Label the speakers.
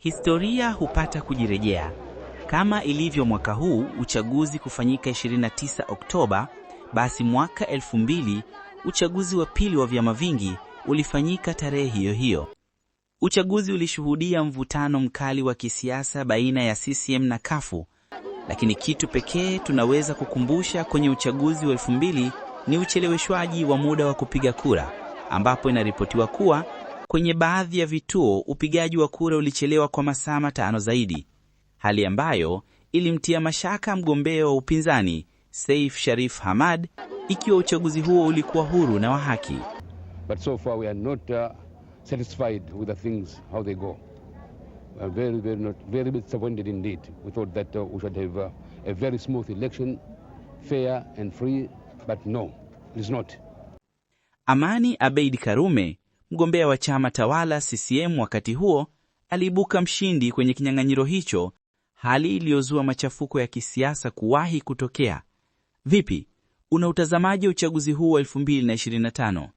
Speaker 1: Historia hupata kujirejea. Kama ilivyo mwaka huu uchaguzi kufanyika 29 Oktoba, basi mwaka 2000 uchaguzi wa pili wa vyama vingi ulifanyika tarehe hiyo hiyo. Uchaguzi ulishuhudia mvutano mkali wa kisiasa baina ya CCM na kafu, lakini kitu pekee tunaweza kukumbusha kwenye uchaguzi wa 2000 ni ucheleweshwaji wa muda wa kupiga kura ambapo inaripotiwa kuwa Kwenye baadhi ya vituo upigaji wa kura ulichelewa kwa masaa matano zaidi, hali ambayo ilimtia mashaka mgombea wa upinzani saif Sharif Hamad ikiwa uchaguzi huo ulikuwa huru na wa haki.
Speaker 2: But so far we are not uh, satisfied with the things how they go. very, very not, very disappointed indeed. We thought that uh, we should have uh, a very smooth election, fair and free, but no, it is not.
Speaker 1: Amani Abeid Karume mgombea wa chama tawala CCM wakati huo, aliibuka mshindi kwenye kinyang'anyiro hicho, hali iliyozua machafuko ya kisiasa kuwahi kutokea. Vipi, una utazamaji wa uchaguzi huu wa 2025?